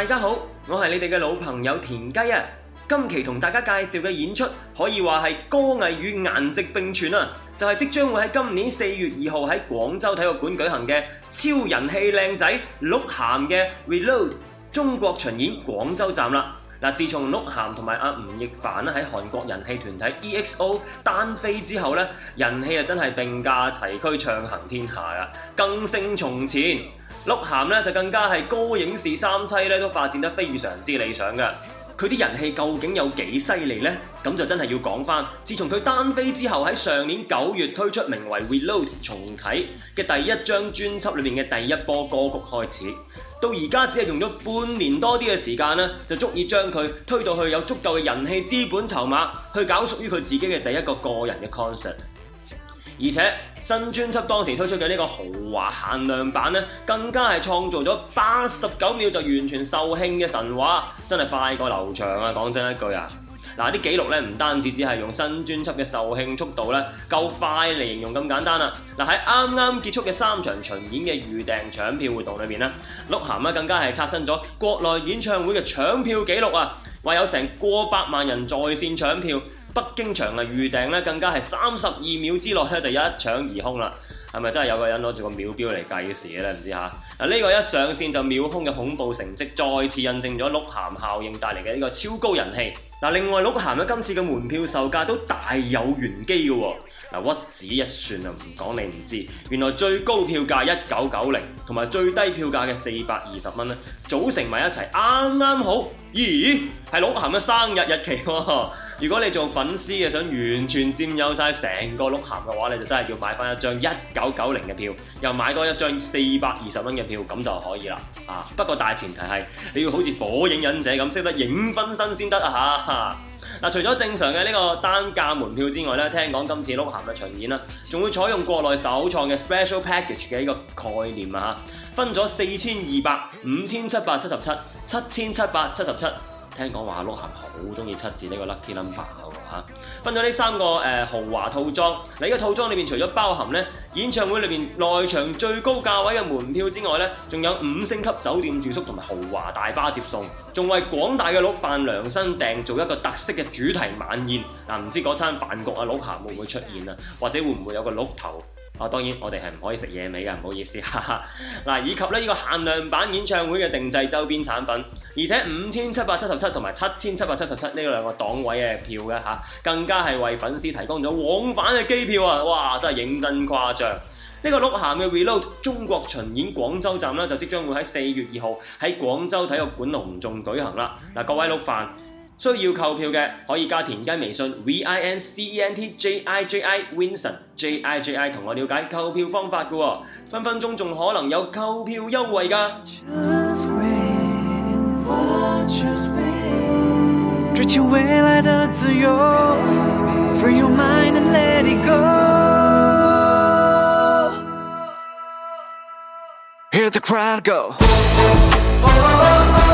大家好，我係你哋嘅老朋友田雞啊！今期同大家介紹嘅演出可以話係歌藝與顏值並存啊！就係即將會喺今年四月二號喺廣州體育館舉行嘅超人氣靚仔鹿晗嘅 Reload 中國巡演廣州站啦！嗱，自從鹿晗同埋阿吳亦凡咧喺韓國人氣團體 EXO 單飛之後呢，人氣啊真係並駕齊驅，暢行天下啊，更勝從前。鹿晗咧就更加係歌影視三棲，咧都發展得非常之理想嘅，佢啲人氣究竟有幾犀利呢？咁就真係要講翻，自從佢單飛之後喺上年九月推出名為《Reload》重啟嘅第一張專輯裏面嘅第一波歌曲開始，到而家只係用咗半年多啲嘅時間呢，就足以將佢推到去有足夠嘅人氣資本籌碼去搞屬於佢自己嘅第一個個人嘅 concert。而且新專輯當時推出嘅呢個豪華限量版呢，更加係創造咗八十九秒就完全售罄嘅神話，真係快過劉翔啊！講真一句啊，嗱啲記錄呢唔單止只係用新專輯嘅售罄速度呢夠快嚟形容咁簡單啦、啊。嗱喺啱啱結束嘅三場巡演嘅預訂搶票活動裏面呢，鹿晗咧更加係刷新咗國內演唱會嘅搶票記錄啊，話有成過百萬人在線搶票。北京場嘅預訂咧，更加係三十二秒之內咧，就一搶而空啦！係咪真係有個人攞住個秒表嚟計時咧？唔知嚇嗱呢個一上線就秒空嘅恐怖成績，再次印證咗鹿晗效應帶嚟嘅呢個超高人氣嗱。另外，鹿晗嘅今次嘅門票售價都大有玄機嘅嗱、啊，屈指一算就唔講你唔知，原來最高票價一九九零，同埋最低票價嘅四百二十蚊咧，組成埋一齊啱啱好，咦？係鹿晗嘅生日日期喎、啊！如果你做粉絲嘅，想完全佔有晒成個鹿晗嘅話，你就真係要買翻一張一九九零嘅票，又買多一張四百二十蚊嘅票，咁就可以啦。啊，不過大前提係你要好似火影忍者咁識得影分身先得啊！嚇嗱，除咗正常嘅呢個單價門票之外咧，聽講今次鹿晗嘅巡演啦，仲會採用國內首創嘅 special package 嘅一個概念啊！嚇，分咗四千二百、五千七百七十七、七千七百七十七。聽講話，鹿晗好中意七字呢、這個 Lucky Number 吓、啊，分咗呢三個誒、呃、豪華套裝。嗱，依個套裝裏面除咗包含咧演唱會裏面內場最高價位嘅門票之外呢仲有五星級酒店住宿同埋豪華大巴接送，仲為廣大嘅鹿飯量身訂做一個特色嘅主題晚宴。嗱、啊，唔知嗰餐飯局阿鹿晗會唔會出現啊？或者會唔會有個鹿頭？啊，當然我哋係唔可以食野味嘅，唔好意思，哈哈。嗱，以及呢個限量版演唱會嘅定製周邊產品，而且五千七百七十七同埋七千七百七十七呢兩個檔位嘅票嘅嚇、啊，更加係為粉絲提供咗往返嘅機票啊！哇，真係認真誇張。呢、這個鹿晗嘅 Reload 中國巡演廣州站呢，就即將會喺四月二號喺廣州體育館隆重舉行啦！嗱、啊，各位鹿飯。需要購票嘅可以加田雞微信 v i n c e n t j i j i, Winson, j i j i 同我了解購票方法嘅、哦，分分鐘仲可能有購票優惠噶。追求未來的自由，free your mind and let it go, hear the crowd go, oh, oh, oh, oh。